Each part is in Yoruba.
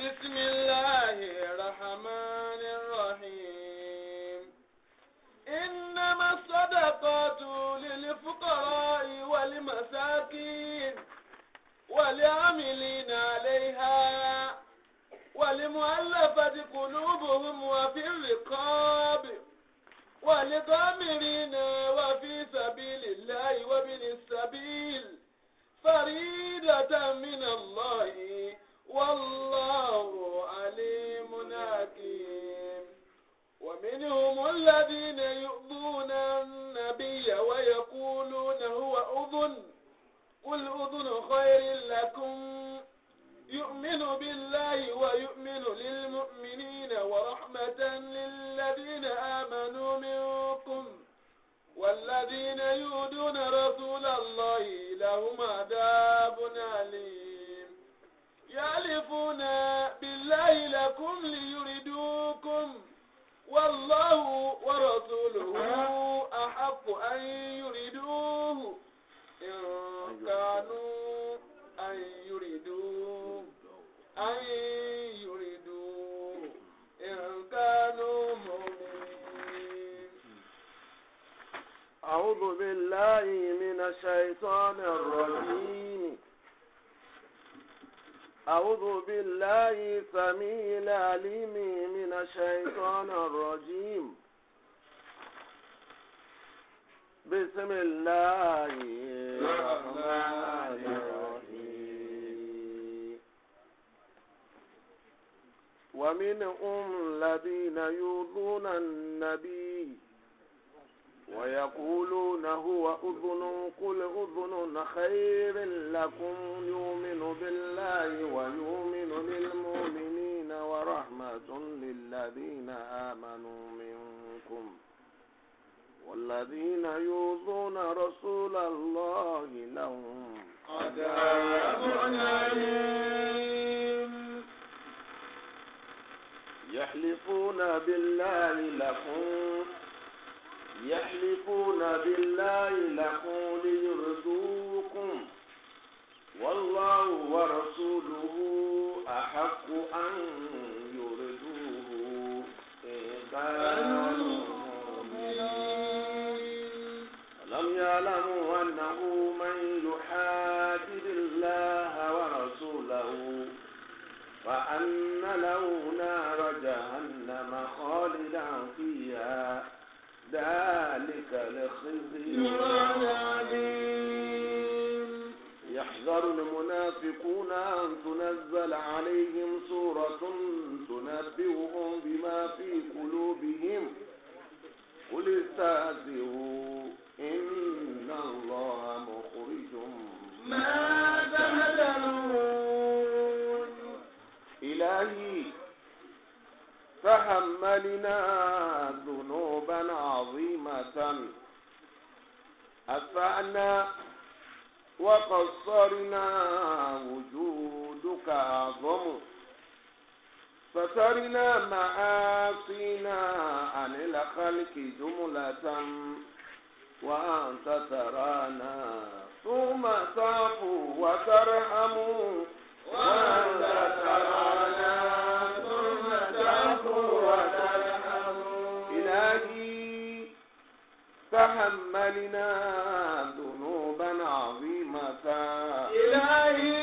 بسم الله الرحمن الرحيم إنما الصدقات للفقراء والمساكين والعاملين عليها والمؤلفة قلوبهم وفي الرقاب والغامرين وفي سبيل الله وابن السبيل فريدة من الله والله عليم حكيم ومنهم الذين يؤذون النبي ويقولون هو أذن قل أذن خير لكم يؤمن بالله ويؤمن للمؤمنين ورحمة للذين آمنوا منكم والذين يؤذون رسول الله لهم عذاب أليم yálìfúnà bíláyì lẹ́kùn lìyúrìdúkùn wàláhù wàrọ̀tùlùhù àhàpù àyíyúrìdúhù ìrànkánú àyíyúrìdú àyíyúrìdú ìrànkánú mọ̀mí. أعوذ بالله من الشيطان الرجيم أعوذ بالله سميع العليم من الشيطان الرجيم بسم الله الرحمن الرحيم ومنهم الذين يؤذون النبي ويقولون هو أذن قل أذن خير لكم يؤمن بالله ويؤمن للمؤمنين ورحمة للذين آمنوا منكم والذين يؤذون رسول الله لهم عذاب أليم يحلفون بالله لكم يحلفون بالله لكم ليرضوكم والله ورسوله أحق أن يرضوه إن لم ألم يعلموا أنه من يحادد الله ورسوله فأن له ذلك لخزي العظيم يحذر المنافقون أن تنزل عليهم سورة تنبئهم بما في قلوبهم قل استهزئوا إن الله مخرج ما تهدرون إلهي فهم لنا فبصرنا وجودك أعظم فسرنا معاصينا عن الخلق جملة وأنت ترانا ثم تعفو وترحم وأنت ترانا ثم تعفو وترحم إلهي تحملنا ذنوبا عظيما الوفاء إلهي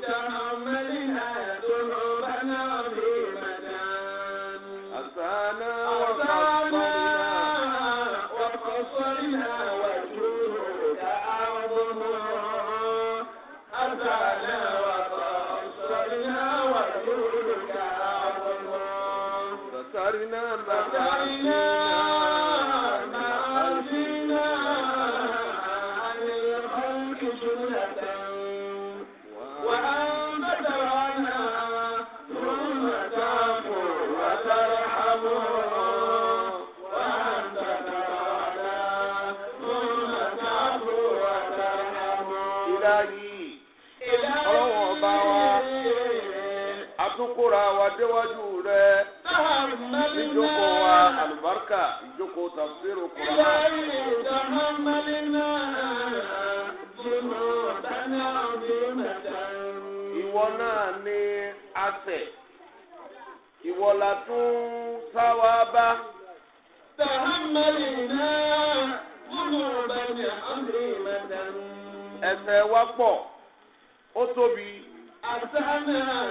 تحملنا دروبنا في مدام أسانا وقصرنا وقصرنا وجودك أعظم أسانا وقصرنا وجودك أعظم بصرنا بصرنا déwájú rẹ ìjókòó wa àlùbáríkà ìjókòó tafsiru kura. ìwọ náà ni a tẹ̀ ìwọ la tún sáwá bá. tàhámẹ́lìnà múlùbẹ̀lẹ̀ ọ̀dùnmẹ̀dẹ̀. ẹ̀ṣẹ̀ wa pọ̀ ó tóbi. àtàmì hàn.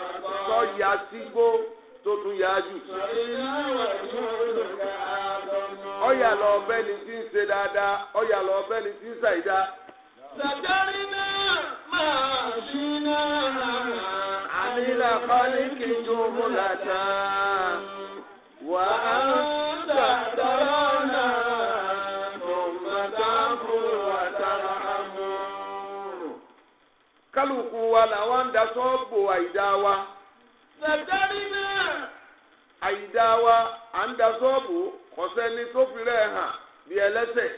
tó ya sígbó tó ya jù. ọya lọ ọbẹ̀ ni tí ń ṣe dáadáa lọ ọbẹ̀ ni tí ń ṣàìdá. sàtẹ́rì náà máa ṣí náà. ànílà pálí kìjú múlàtà wà wa làwọn ń da wa. sẹ̀dárínà àyídá wa à ń da sọ́ọ̀bù kọ̀sẹ́ni tó fi rẹ̀ hàn bí ẹlẹ́sẹ̀.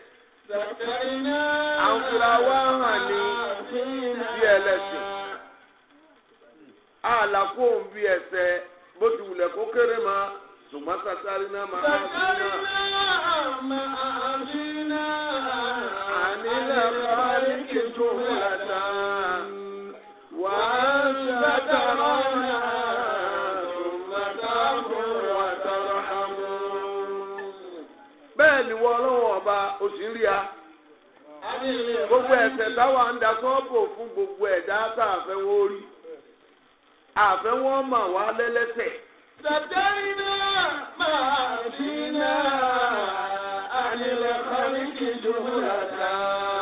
sẹ̀dárínà à ń fura wá hàn ní bí ẹlẹ́sẹ̀. àlàkó ń bí ẹsẹ̀ bó ti wulẹ̀ kó kéré ma ṣùgbọ́n sàtàrínà máa ń bí náà. sàtàrínà máa ń bí náà. àní lẹ́kọ̀ọ́ ní kí n tó o sì ń rí a. gbogbo ẹ̀ṣẹ̀ táwa ń da sọ́ọ̀bù fún gbogbo ẹ̀dá tá a fẹ́ wọ́n rí àfẹ́ wọ́n mà wá lẹ́lẹ́sẹ̀. sàtẹ́rì máa fi náà àlè lọ́kọ́ ní kìdùn àtàwọn.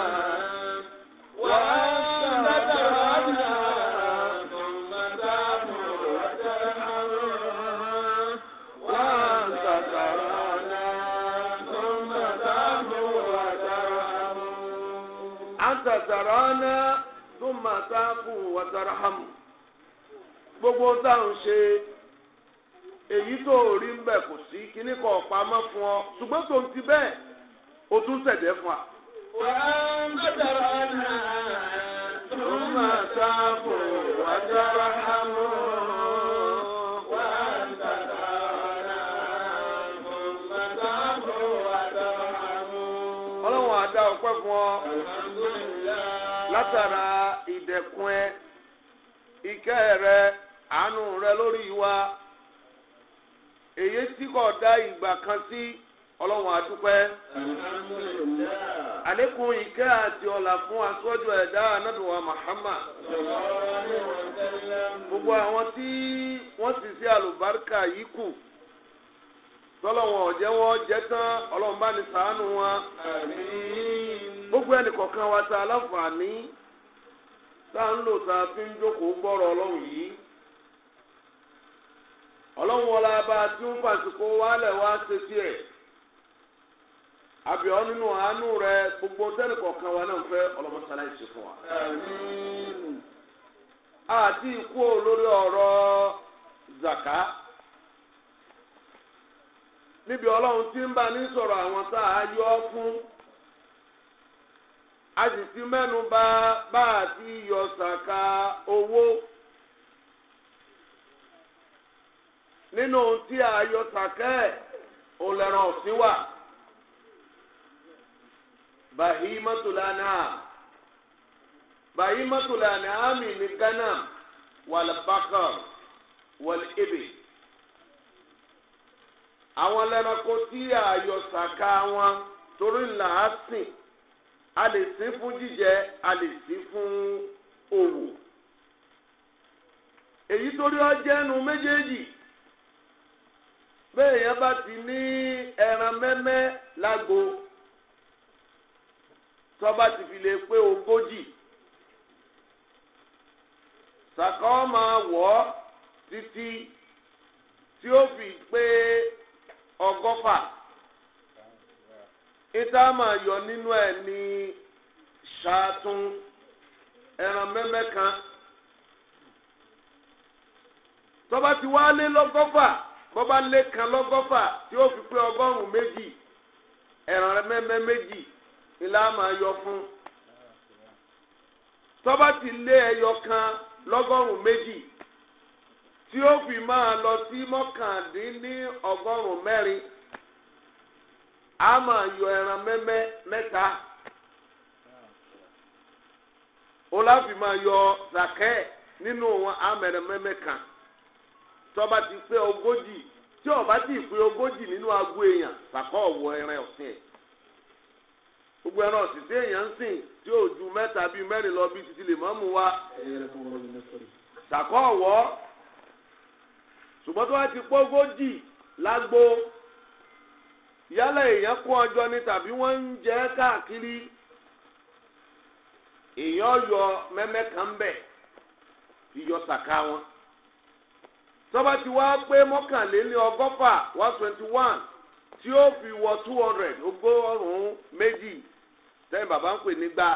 anta tarana thumma ta'fu gbogbo táwọn ṣe èyí tó rí ń kò sí kíní fún ọ tó ti bẹẹ! o tún ṣẹ̀dẹ̀ fún wa. wà á ń ọ̀nà ọmọ sáàbù wàjára hàmú. látara ìdẹ̀kùn ẹ ìkẹ́ rẹ àánú rẹ lórí wa èyí tí kò dá ìgbà kan sí ọlọ́run àdúpẹ́. àlékún ìkẹ́ àti fún aṣọ́jú ẹ̀dá gbogbo àwọn tí wọ́n sì sí àlùbáríkà yìí kù tọ́lọ́wọ̀n ọ̀jẹ́ wọn jẹ́ tán ọlọ́run bá ní wọn. gbogbo ẹnì kọ̀ọ̀kan wa ta aláǹfààní. tá ń lò tá a fi ń jókòó gbọ́rọ̀ ọlọ́run yìí ọlọ́run ti ń pàṣípò wálẹ̀ wá ṣe tiẹ̀ àbíọ́ nínú àánú rẹ gbogbo sẹ́ni kọ̀ọ̀kan wa náà fẹ́ ọlọ́mọṣálá ìṣe fún wa. àti ikú lórí ọ̀rọ̀ zaka níbi ọlọ́run tí ń bá ní sọ̀rọ̀ àwọn tá a yọ a sì ti mẹ́nu bà bá a ti yọ sàkà owó nínú ohun tí a yọ sàkà ẹ̀ òun lẹ́ran ọ̀sìn wà bahimatulana bahimatulana ami ní ghana wàlbakar wàlébè àwọn lẹ́ranko tí a yọ sàkà wọn torí ńlá a lè sín fún jíjẹ a lè sín fún òwò èyí torí ọjẹ́nu méjèèjì bẹ́ẹ̀ yẹn bá ti ní ẹran mẹ́mẹ́ lágbo tọ́ba ti fi lè pé ogójì sàkọ́ máa wọ̀ ọ́ títí tí ó fi pé ọgọ́fà. Ita máa yọ nínú ẹ ní ṣáàtún ẹran mẹ́mẹ́ kan tọ́ba ti wá lé lọ́gọ́fà bọ́ba lé kan lọ́gọ́fà tí ó fi pé ọgọ́rùn-ún méjì ẹran mẹ́mẹ́ méjì ìlà máa yọ fún tọ́ba ti lé ẹyọ kan lọ́gọ́rùn-ún méjì tí ó fi máa lọ sí mọ́kàndínní ún mẹ́rin. a yọ ẹran mẹmẹ mẹta ó ma máa yọ zakẹ́ nínú wọn ẹran kan tọ́ba ti pé ogójì tí ọba ti pé ogójì nínú agbo èèyàn kàkọ́ ọwọ ẹran ọ̀sìn ẹ̀ gbogbo ẹran ọ̀sìn tí èèyàn ju mẹta bíi lọ bíi titi lè ṣùgbọ́n yálà èèyàn kó ọjọ́ ni tàbí wọ́n ń jẹ́ káàkiri èèyàn yọ mẹ́mẹ́ kan bẹ̀ wọn tọ́ba ti wá pé mọ́kànléní ọgọ́fà one twenty one tí ó fi wọ two hundred ọgọ́rùn-ún méjì sẹ́yìn bàbá ń pè nígbà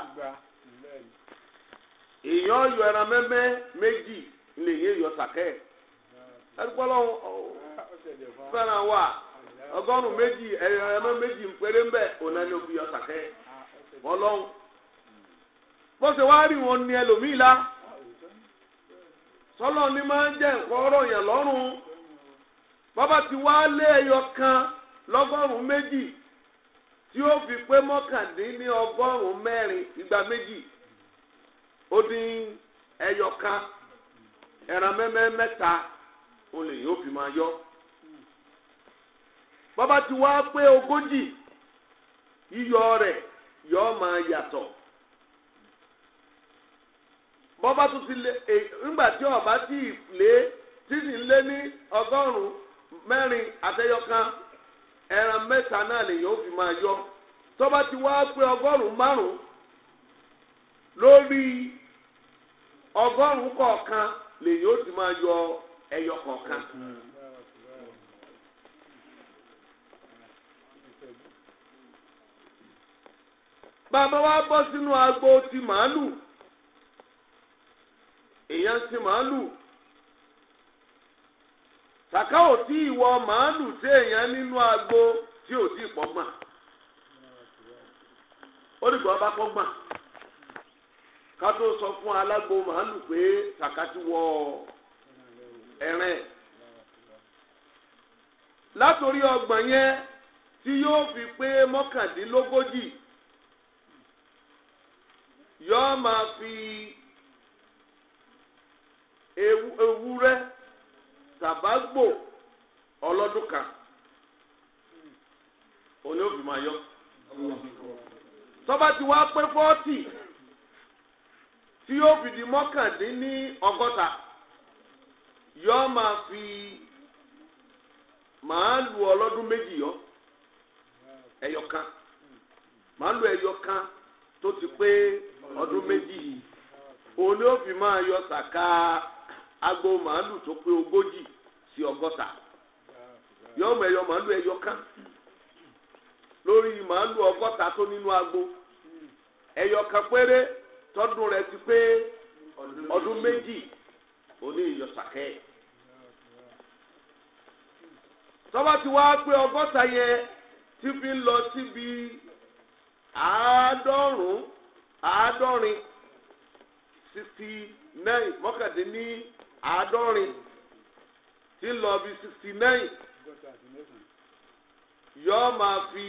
èèyàn yọ ẹran mẹ́mẹ́ méjì yẹ yọ ẹ̀ ọgọ́rùn méjì ẹ̀rọ méjì ń péré ń bẹ̀ òun ẹni òbí ọ̀sà kẹ́ bó ṣe wá rí wọn ni ẹlòmíì la sọlọ ni máa ń jẹ nǹkan ọ̀rọ̀ yẹn lọ́rùn bàbá ti wá lé ẹyọ kan lọ́gọ́rùn méjì tí ó fi pé igba méjì ó dín ẹyọ kan ẹran yóò fi bàbá ti wá pé ogójì yíyọ rẹ̀ yọ máa yàtọ̀ bàbá tún ti lé eh, nígbà tí ọba ti lé tí sì lé ní ọgọ́rùn-ún mẹ́rin àtẹyọkan ẹran mẹ́ta náà ó fi máa yọ tọ́ba ti wá pé ọgọ́rùn-ún márùn-ún lórí ọgọ́rùn-ún kọ̀ọ̀kan ti máa yọ ẹyọ kọ̀ọ̀kan. Mm -hmm. bàbá wa bọ́ sínú agbo ti màálù èèyàn ti màálù kàkà ò tí ìwọ màálù tí èèyàn nínú agbo tí ò tí pọ́gbà ó dìgbò ọba pọ́gbà ká tó sọ fún alágbo màálù pé kàkà ti wọ ẹ̀rẹ̀ látòrí ọgbọ̀n yẹn tí yóò fi pé mọ́kàndínlógójì. yọọ ma fi ewúrẹ́ tàbágbò ọlọ́dún kan òní òbí máa yọ. tọ́ba ti wá pé fọ́ọ̀tì tí yóò fi mọ́kàndínní ọgọ́ta yọọ máa fi màálù ọlọ́dún méjì yọ ẹyọ kan màálù ẹyọ kan tó ti pé. ọdún méjì yìí òun ni ó fi máa yọ sàká agbo màálù tó pé ogójì sí ọgọ́ta yọ ọmọ ẹyọ màálù ẹyọ kan lórí màálù ọgọ́ta tó nínú agbo ẹyọ kan péré tọdún ti pé ọdún méjì òní ìyọ sàká ẹ tọ́ba ti lọ síbi àádọ́rùn-ún àádọ́rin sixty nine mọ́kàndínní àádọ́rin tí ń lọ bí sixty nine yóò máa fi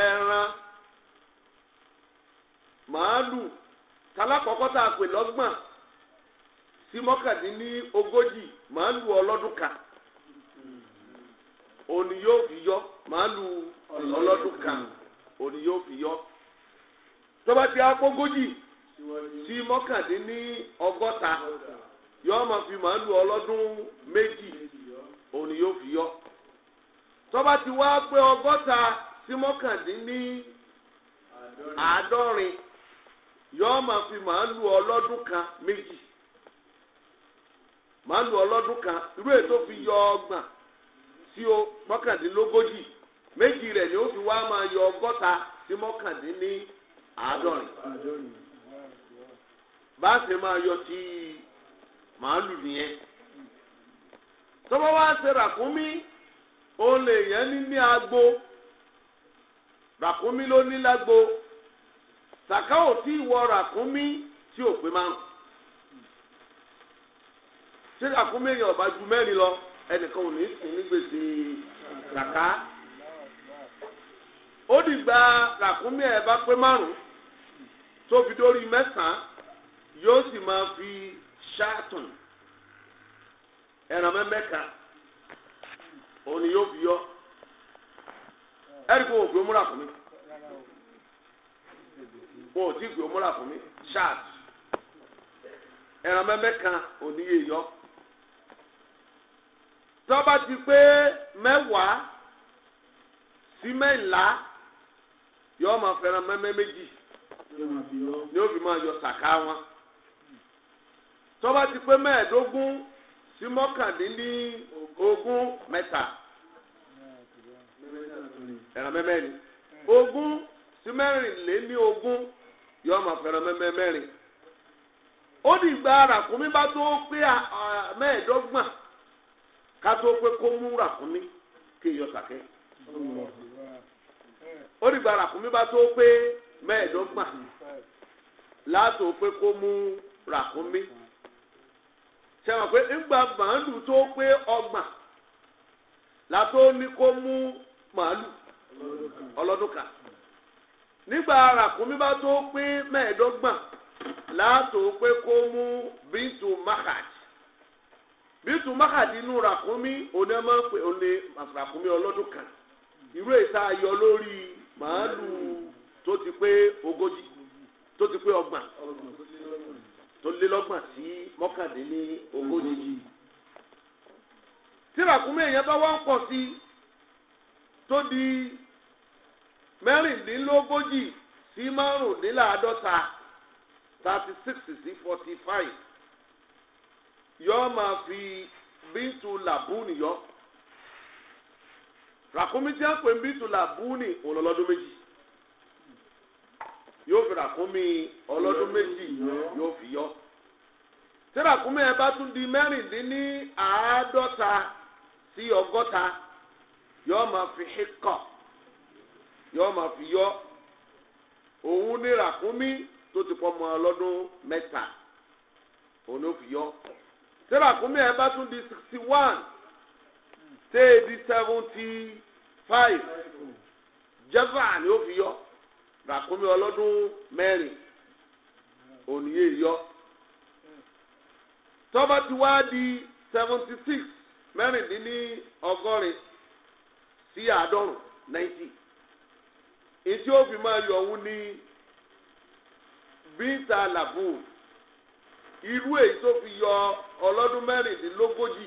ẹran màálù tálákọ̀ọ́kọ́ tá a pè lọ́gbọ̀n sí mọ́kàndínní ogójì màálù ọlọ́dún kan òní yóò fi yọ màálù ọlọ́dún kan yọ. tọ́ba ti akógójì sí mọ́kàndínní ọgọ́ta yóò máa fi màálù ọlọ́dún méjì òun ni yóò fi yọ tọ́ba ti wá pé ọgọ́ta sí mọ́kàndínní àádọ́rin yóò máa fi màálù ọlọ́dún kan méjì màálù ọlọ́dún kan irú ètò fi yọ ọgbọ̀n sí o mọ́kàndínlógójì méjì rẹ̀ ni ó fi wá máa yọ ọgọ́ta sí mọ́kàndínní àádọ́rin bá a ṣe máa yọ ti màálù nìyẹn tọ́wọ́ wá ṣe ràkúnmí òun lè yẹn ní ní agbo ràkúnmí ló ní lágbo sàká ò tí ì wọ ràkúnmí tí ò pé márùn ṣé ràkúnmí èèyàn ọba ju mẹ́rin lọ ẹnìkan ò ní sùn nígbèsè sàká ó dìgbà ràkúnmí ẹ̀ bá pé márùn tó fi dórí mẹ́sàn-án yóò sì máa fi ṣáàtùn ẹ̀ràn mẹ́mẹ́ka òun ni yóò fi yọ ẹ̀rí kò wò pé ó múra fún mi wọn ò tí gbé múra fún mi ṣáàtù ẹ̀ràn mẹ́mẹ́ka òun ni yọ tọ́ba ti pé mẹ́wàá sí mẹ́ńlá yọ ọmọ fẹ́ràn mẹ́mẹ́ méjì. ni ó fi máa yọ sàká wọn tó ti pé mẹ́ẹ̀ẹ́dógún sí mọ́kàndínní mẹ́ta ẹ̀rọ mẹ́mẹ́rin ogún sí mẹ́rìnléní yọ ọmọ fẹ́ràn mẹ́mẹ́rin ó ní ìgbà ràkúnmí bá tó pé mẹ́ẹ̀ẹ́dọ́gbọ̀n ká tó pé kó mú ràkúnmí kí yọ sàkẹ́ ó ní ìgbà ràkúnmí bá mẹ́ẹ̀ẹ́dọ́gbọ̀n látò pé kó mú ràkúnmí sẹ́wọ̀n pé ńgbà màálù tó pé ọgbọ̀n látò ní kó mú màálù ọlọ́dún nígbà ràkúnmí bá tó pé mẹ́ẹ̀ẹ́dọ́gbọ̀n látò pé kó mú bíntu makad bíntu makad inú ràkúnmí òní máa ń pè òní ràkúnmí ọlọ́dún irú èyí tá a yọ lórí màálù. tó ti pé ogójì tó ti pé ọgbọ̀n tó lé lọ́gbọ̀n sí mọ́kàndínní ogójì tí ràkúnmí èèyàn bá wá ń pọ̀ sí tó di mẹ́rìndínlógójì sí márùndínláàádọ́ta thirty six sí forty five yọọ máa fi bíntù làbúùnì yọ ràkúnmí tí wọ́n pè ń làbúùnì òun lọ́lọ́dún méjì yóò fi ràkúnmí ọlọ́dún méjì yóò fi yọ. tí ràkúnmí ẹ bá tún di mẹ́rìndínní àádọ́ta sí ọgọ́ta yóò máa fi híkọ̀ yóò máa fi yọ òun ní ràkúnmí tó ti pọ̀ mọ́ ọlọ́dún mẹ́ta òun ló fi yọ. tí ràkúnmí ẹ bá tún di sixty one tẹ́ di seventy five jẹ́fà ni ó fi yọ ràkúnmí ọlọ́dún mẹ́rin òníyè yọ tọ́ba ti wá di seventy six mẹ́rìndínlẹ́ ọgọ́rin sí àádọ́rùn ninety ètí ó fi máa yọ òun ní bíńtà làbùn irú èyí tó fi yọ ọlọ́dún mẹ́rìndínlógójì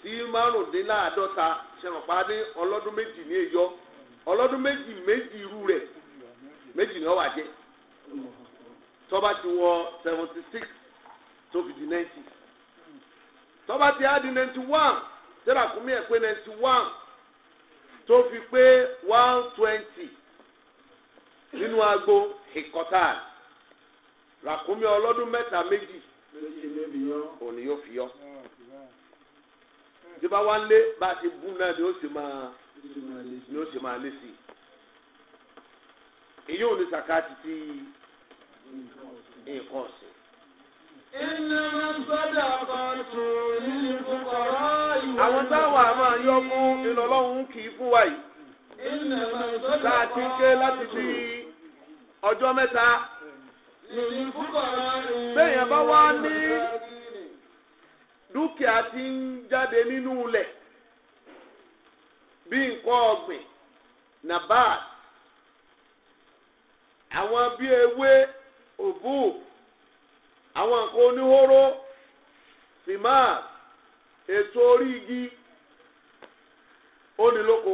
sí márùndínláàádọ́ta ṣẹ̀rọ̀pá ní ọlọ́dún méjì ní èyọ ọlọ́dún méjì méjì irú rẹ̀ méjì ni ọwà jẹ tọba ti wọ seventy six tó fi di ninety tọba ti á di ninety one tẹ́lá kún mí ẹ̀ pé ninety one tó fi pé one twenty nínú agbo ìkọta ràkúnmí ọlọ́dún mẹ́ta méjì òní yóò fi yọ tí bá wá ń lé bá ti bú náà ni ó sì máa ni ó sì máa lé sí i. èyí ò ní sàkáàtì tí nǹkan ọ̀sìn. Iná sọ́dà kan tù nínú Àwọn táwọn yọ fún kì í fún wa yìí. Iná sọ́dà kan tù. ké láti bí ọjọ́ mẹ́ta. Nínú kọ̀ọ̀rọ̀ ìwé. Béèyàn bá wá ní dúkìá tí ń jáde nínú ilẹ̀ bí nǹkan ọ̀gbìn, nabat. àwọn bí ewé òbú àwọn nǹkan oníhóró simar ètò orí igi onílóko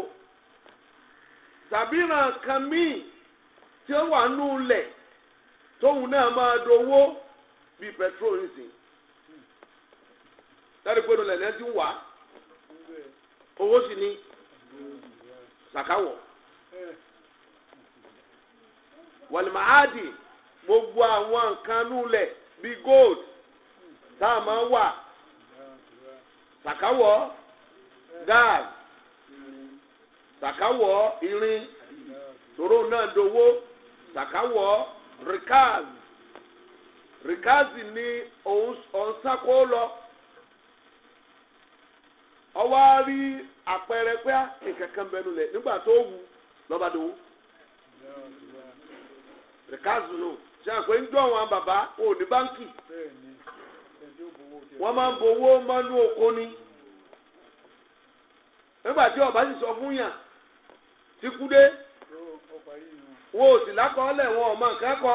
tàbí ràn kan míì tí ó wà nù lẹ̀ tóun náà máa dowó bíi petrol nìsín láti pé nulẹ̀ lẹ́sìn wá owó sì ní sàkáwọ̀. walimahadi gbogbo àwọn nǹkan nulẹ̀ bíi gold tá a máa wà sàkáwọ̀ gáàs sàkáwọ̀ irin tòró náà dowó sàkáwọ̀ rìkáàs rìkáàs ni òun sákó lọ ọwọ́ á rí àpẹẹrẹ pé ah, nǹkan kan bẹnu lẹ̀ nígbà tó wù lọ́ba dowó. rìkásù nù ṣe àpé ń jọ àwọn bàbá wọn ò ní báńkì wọ́n máa ń bowó mọ́nú oko ni nígbà tí ọba sì sọ fún yàn tí kú dé wọn ò sì lákọọ́lẹ̀ wọn ò mọ nǹkan kọ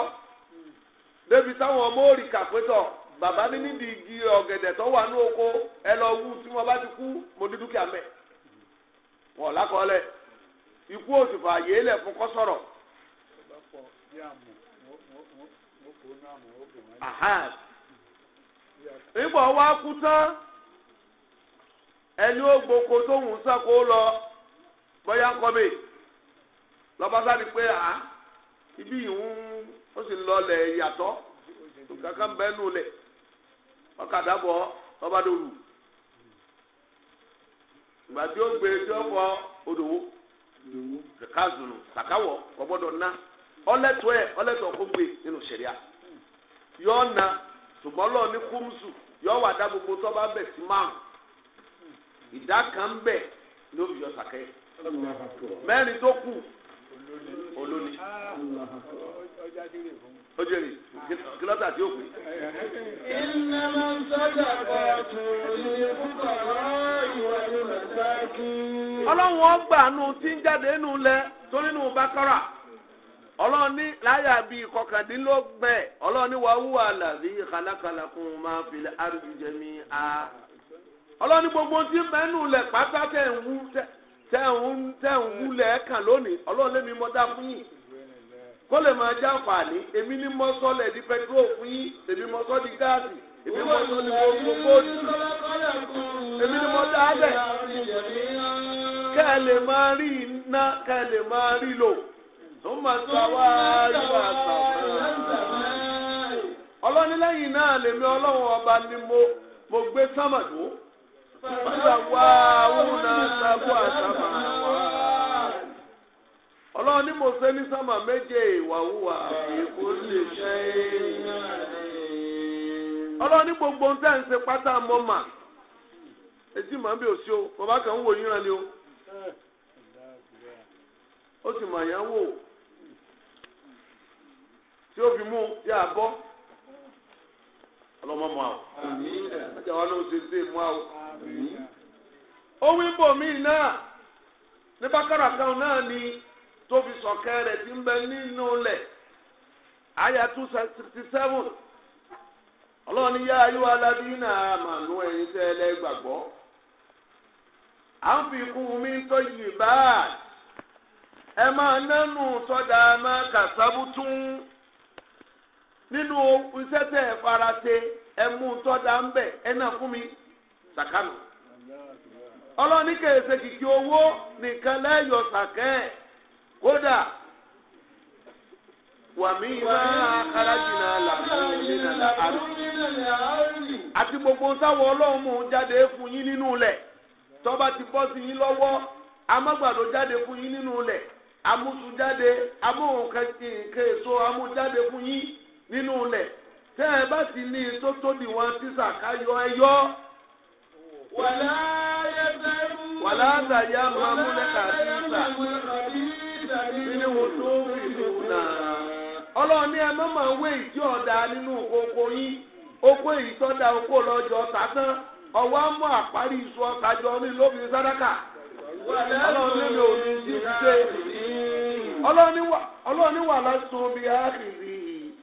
débi táwọn ọmọ òrì kàpétọ̀ bàbá mi níbi igi ọ̀gẹ̀dẹ̀ tó wà ní oko ẹ lọ wú tí wọ́n bá ti kú mo ní dúkìá mẹ́ wọn ò ikú òsì fààyè lẹ̀ fún kọ́sọ̀rọ̀. ịgba ọwa kwụta ẹni ogboko tó ń sọ kó lọ bóyá ń kọ́ ni pé ibi ìhun ó sì lọlẹ lẹ̀ yàtọ̀ kankan bẹ́ẹ̀ nù lẹ̀ ọ̀kadà ọba dòlù ìgbà tí ó gbé tí ó fọ odòwò kàkà kàkà ná. Ọlẹtụ ẹ̀ gbé nínú ṣẹ̀ríà yọọ na ṣùgbọ́n lọ́ọ̀ ní kúmùsù yọọ wà dá gbogbo tó bá bẹ̀ sí máa ìdá kan ń ní ló yọ mẹ́rin tó kù olóni ojú èrè kìlọ́tà tí iná ń sọ́jà nù tí ń nù lẹ torí bá kọ́ra. ọlọ́run ní láyà bíi kọkàndínlọ́gbẹ̀ ọlọ́run ní wàá wúwà làbí kàlákàlàkùn máa fi àrùjù jẹ̀mí a. ọlọ́run ní gbogbo tí mẹ́nu lẹ̀ pátá tẹ̀ ń wú tẹ̀ ń wú lẹ̀ kàn lónìí ọlọ́run lèmi mọ́ dá fún yìí kó lè máa já fàní èmi ní mọ́sọ́ lẹ̀ di pẹtrol fún yìí èmi mọ́sọ́ di gáàsì èmi mọ́sọ́ di gbogbo bóòtù èmi ní mọ́ dá lẹ̀ kẹ́ ẹ lè máa rí iná kẹ́ ẹ lè máa rí lò. ثم استوى إلى السماء ọlọ́ni lẹ́yìn náà lèmi ọlọ́run ọba ni mo mo gbé sámà tó padà wá wúna sábà sámà wá mo ṣe ní sámà méje èkó lè ṣe é gbogbo ń tẹ̀ ń ṣe pátá mọ́ mà etí màá bí òsì o bàbá kan ń wò yíran ni o ó sì mà yá wò. tí ó fi yà ọjà mi náà ní bákàrà kan náà ni ti ń bẹ nínú lẹ̀ àyà two sixty seven ọlọ́run yá ayé wa lábí náà màánú ẹ̀yin ẹ mi tó yìí báà ẹ máa nánú máa kà sábùtún. nínú iṣẹ́ tẹ̀ ẹ fara ṣe ẹ mú tọ́jà ń bẹ̀ ẹ náà fún mi sàkánù. ọlọ́ni kìkì owó nìkan lẹ́yọ̀ sàkẹ́ ẹ̀ kódà wàmí iná kárájìnà làbúrò nínú ati àti gbogbo sáwọ ọlọ́run mú jáde fún yín nínú ilẹ̀ tọ́ba ti bọ́ sí yín lọ́wọ́ amágbàdo jáde fún yín nínú ilẹ̀ amútu jáde amóhùn kẹ̀kẹ́ èso amú jáde fún yín. nínú ilẹ̀ tẹ́ ẹ bá ti ní tó tóbi wọn tí sàká ẹ yọ. wàlá yẹ sẹ́rù. wàlá àtàyà máa mú lẹ́ka sí ìta nínú tó ìlú náà. ọlọ́ọ̀ni ẹ má máa wé ìdí ọ̀dà nínú oko yín oko èyí tó da oko lọ́jọ́ ta tán ọwọ́ mú àparí iṣu ọ̀tà jọ ní lóbìnrin sádàkà. ọlọ́ọ̀ni ní wà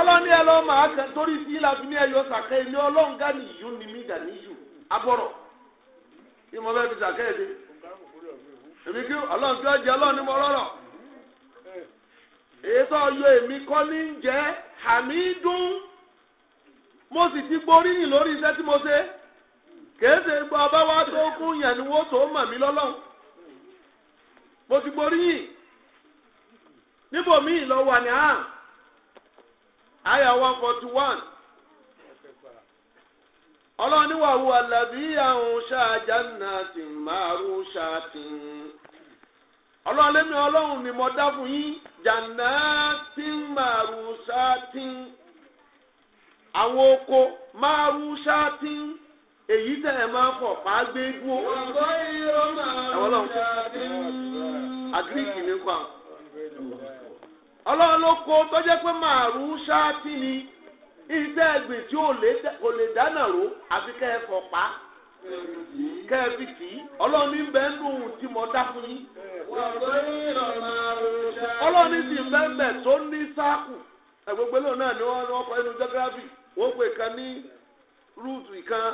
ọlọ́ni ẹ lọ́ máa kẹ torí sí láti ní ẹyọ sàkẹ́ ilé ọlọ́run gani yìí ni mí gani yìí abọ́rọ̀ kí mo bẹ́ẹ̀ fi sàkẹ́ ẹ̀ dé èmi kí ọlọ́run tí ó jẹ ọlọ́run ni mo rọ̀rọ̀ èyí tó yọ èmi kọ́ ní jẹ́ hàmídùn mo sì ti gboríyìn lórí iṣẹ́ tí mo ṣe kèése gbọ́ ọba wa tó kún yẹn ni wọ́n tó mọ̀ mí lọ́lọ́run mo ti gboríyìn níbo mi ìlọ wà ní àná. àyà one forty one ọlọ́run ní wàhù àlàbí àwọn ṣáájà náà ti ṣáàtì ọlọ́run ọlọ́run ni mo dá fún yín jàǹdà ṣáàtì àwọn oko márùn ṣáàtì èyí tẹ̀ ẹ̀ máa fọ̀ fà á gbé dúró ẹ̀wọ́n lọ́run àgíríkì nípa. ọlọ́run ló tó jẹ́ pé màrú ṣáàtì ni iṣẹ́ ẹgbìn tí ò lè dáná ro àfi kẹ́ ẹ fọ̀pá kẹ́ ẹ fi tì í bẹ́ẹ̀ nù tí mo dá fún yín. ọlọ́run ní sì bẹ́ẹ̀ tó ní sáàkù ẹ̀gbẹ́gbẹ́ lòun náà ni wọ́n kọ́ inú geography wọ́n pè ní rúùtù ìkan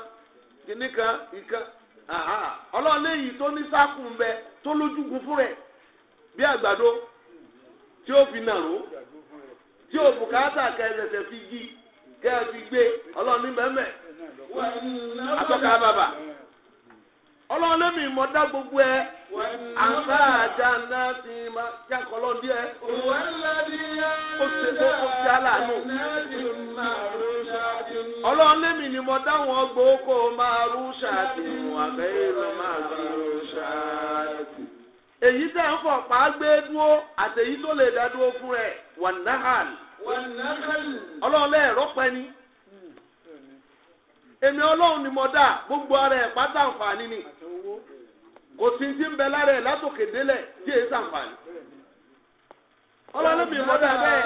tí ó fi nàró tí ó bùkátà fi fi gbé ọlọ́run ní bẹ́ẹ̀ atọ́ka bàbà ọlọ́run lẹ́mí mọ́ gbogbo ẹ àǹfà àjàǹdà ti máa já kọ́lọ́ díẹ̀ ṣe tó ó ṣe ni èyí tẹ ń fọ pa gbé dúró àtẹ̀yí tó lè dá dúró fún rẹ̀ wà náhàlì. ọlọ́run ni. èmi ọlọ́run ni gbogbo ara ẹ̀ pátá ni. kò sí ti ń bẹ lára ẹ̀ látòkè délẹ̀ tí èyí sàǹfààní. ọlọ́run mi bẹ́ẹ̀.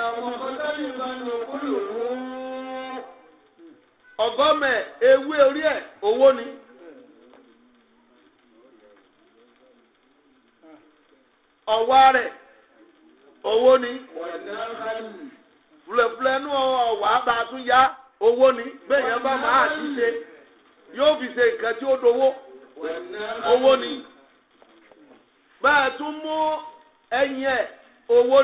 ọgọ́mẹ̀ ewé ni. ọ̀wá rẹ̀ owó ni fúlẹ̀fúlẹ̀ nú ọ̀wá bá a tún yá owó ni bẹ́ẹ̀ yẹn bá máa ti ṣe yóò fi ṣe nǹkan tí ó dowó owó ni tún mú ẹyin ẹ̀ owó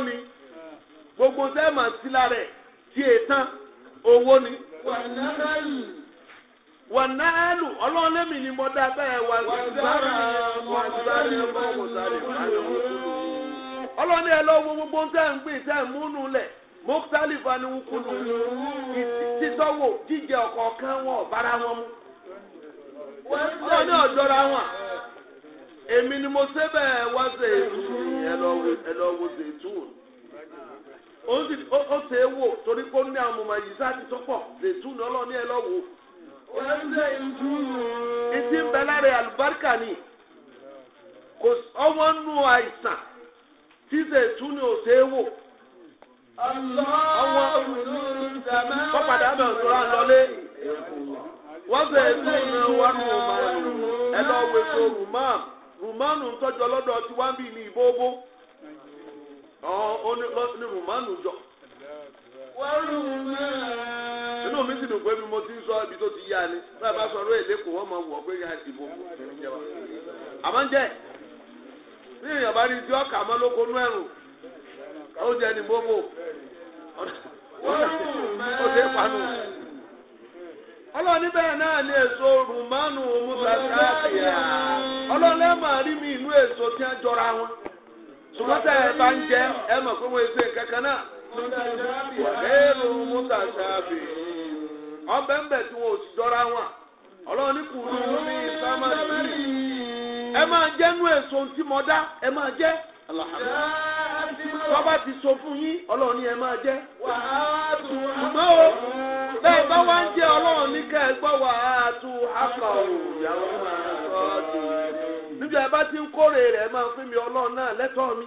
gbogbo sẹ́ẹ̀mà sílá rẹ̀ tí è tán owó ni. ni mo dá bẹ́ẹ̀ wà wà ọlọ́ni ẹ lọ́wọ́ gbogbo tẹ́ ń gbìn tẹ́ ń múnú lẹ̀ mọ́tàlífà ni wọ́n kúlù ọkọ jíjẹ ọ̀kọ̀ọ̀kan wọn ọ̀bára wọn mú. ọlọ́ni ọ̀jọ́ra wọn èmi ni mo ṣe waziri wá ṣe ẹ lọ́wọ́ ṣe tún ó ṣe é wò torí pé ó ní àwọn ọmọ yìí sáà ti tọ́pọ̀ ṣe ní ọlọ́ni ẹ ṣíṣe ìtúni òṣè wò. àwọn olùdókòwò kọ́ padà bẹ̀rẹ̀ tó rà wọ́n ṣe ètò ìrìn wọn nù mọ́ọ̀nù ẹ lọ wo ètò rùmán rùmánù tọ́jú ọlọ́dọ̀ tí wọ́n bí ní ìbóbó. ọ̀hún ni rùmánù jọ. inú mi sì dùn pé bí mo ti ń sọ ibi tó ti yá ni bá a bá sọ ọ̀rọ̀ kò wọ́n máa pé ìbò àmọ́ jẹ́ ní èèyàn bá rí ibi ọkà mọ́ lóko nú ẹ̀rùn ó jẹ́ ní bóbó ó ṣe panu. ọlọ́ọ̀ni bẹ́ẹ̀ náà ni èso rùmánù mùsàkàtìyà ọlọ́ọ̀lẹ́ máa rí mi inú èso tí wọ́n jọra wọn ṣùgbọ́n tẹ́ ẹ bá ń jẹ ẹ mọ̀ pé wọ́n èso kankan náà wàlẹ́rù mùsàkàtì ọbẹ̀ ń bẹ̀ tí wọn ò sì jọra wọn ọlọ́ọ̀ni mi ẹ máa jẹ́ nú èso tí mo dá ẹ máa jẹ́ ti sọ fún yín ọlọ́run ni ẹ máa jẹ́. ṣùgbọ́n o bẹ́ẹ̀ bá wá ń jẹ́ ọlọ́run ní ká wà á tu àkà o ti ń kórè rẹ̀ máa mi ọlọ́run náà lẹ́tọ̀ọ́ mi.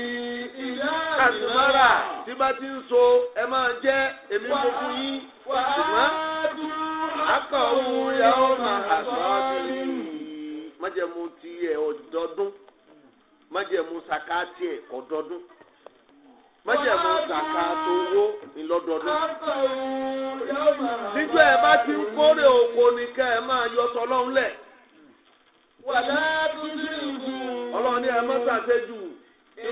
kàṣùmọ́ra tí bá ti ń so ẹ máa jẹ́ èmi mo fún yín ṣùgbọ́n akọ̀wé yàwó máa àṣọ́ọ́dì. májẹ̀mú ti ẹ̀ ọ̀dọ́dún májẹ̀mú saka ti ẹ̀ ọ̀dọ́dún saka tó wó ẹ bá ti ń kórè oko ni ká ẹ máa yọ tọ́lọ́hún lẹ̀. ọlọ́run ni ẹ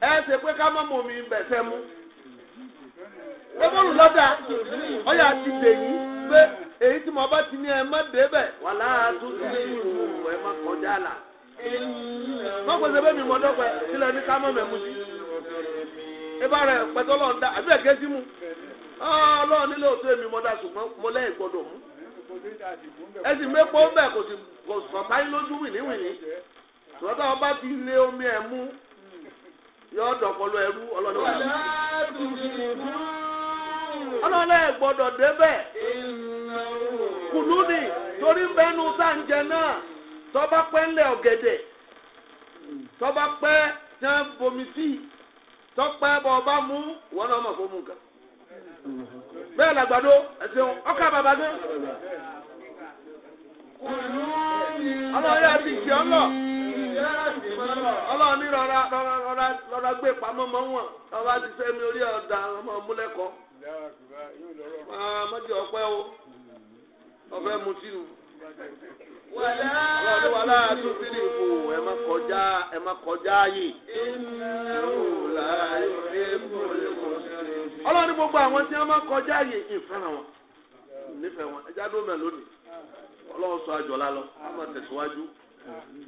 ẹ ṣe pé ká má omi ibẹ̀ fẹ́ mú. pé bọ́ọ̀lù lọ́dà ti dè yín pé èyí tí mo bá ti ní ẹ má débẹ̀ wà láàtú sí ìlú ẹ má kọjá là. mọ́kò ṣe bẹ́ẹ̀ mi mọ́ dọ́pẹ́ sílẹ̀ ní ká mọ́ mẹ́mú sí. ibà rẹ̀ pẹ̀tọ́ lọ́ọ̀ da àbí ẹ̀kẹ́ sí mu. ọlọ́ọ̀ nílé òtún èmi mọ́ da ṣùgbọ́n mo lẹ́yìn gbọ́dọ̀ mú. ẹ mẹ́pọ̀ bẹ́ẹ̀ kò sì yọọ dọ̀pọ̀lọ ẹrú ọlọ́dún wa. ọlọ́lẹ̀ gbọ́dọ̀ débẹ̀ kùlú ni torí bẹ́nu sáǹjẹ náà tọ́ba pẹ́ ńlẹ̀ ọ̀gẹ̀dẹ̀ tọ́ba pẹ́ ọba mú wọn náà fún mu làgbàdo ọkà bàbá ọlọ́run ní gbé pamọ́ mọ́ wọn ọba ti fẹ́ mi orí ọ̀dà ọmọ múlẹ́kọ̀ọ́ mọ́jọ ọpẹ́ o ọbẹ̀ mutí nu. wàlá tún sí ní ipò kọjá kọjá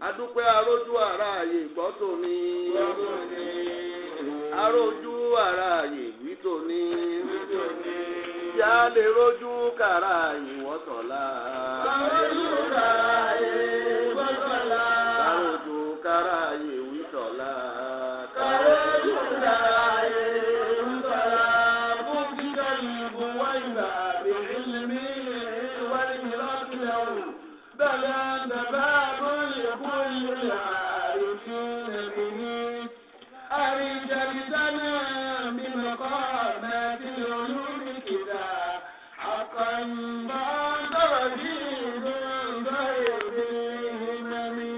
adúpẹ́ arójú àráàyè gbọ́ tòní. arójú àráàyè wí tòní. tí a lè rójú kàrà ìwọ́tọ̀lá. arójú kàrà ìwọ́tọ̀lá. arójú kàrà ìwọ́tọ̀lá.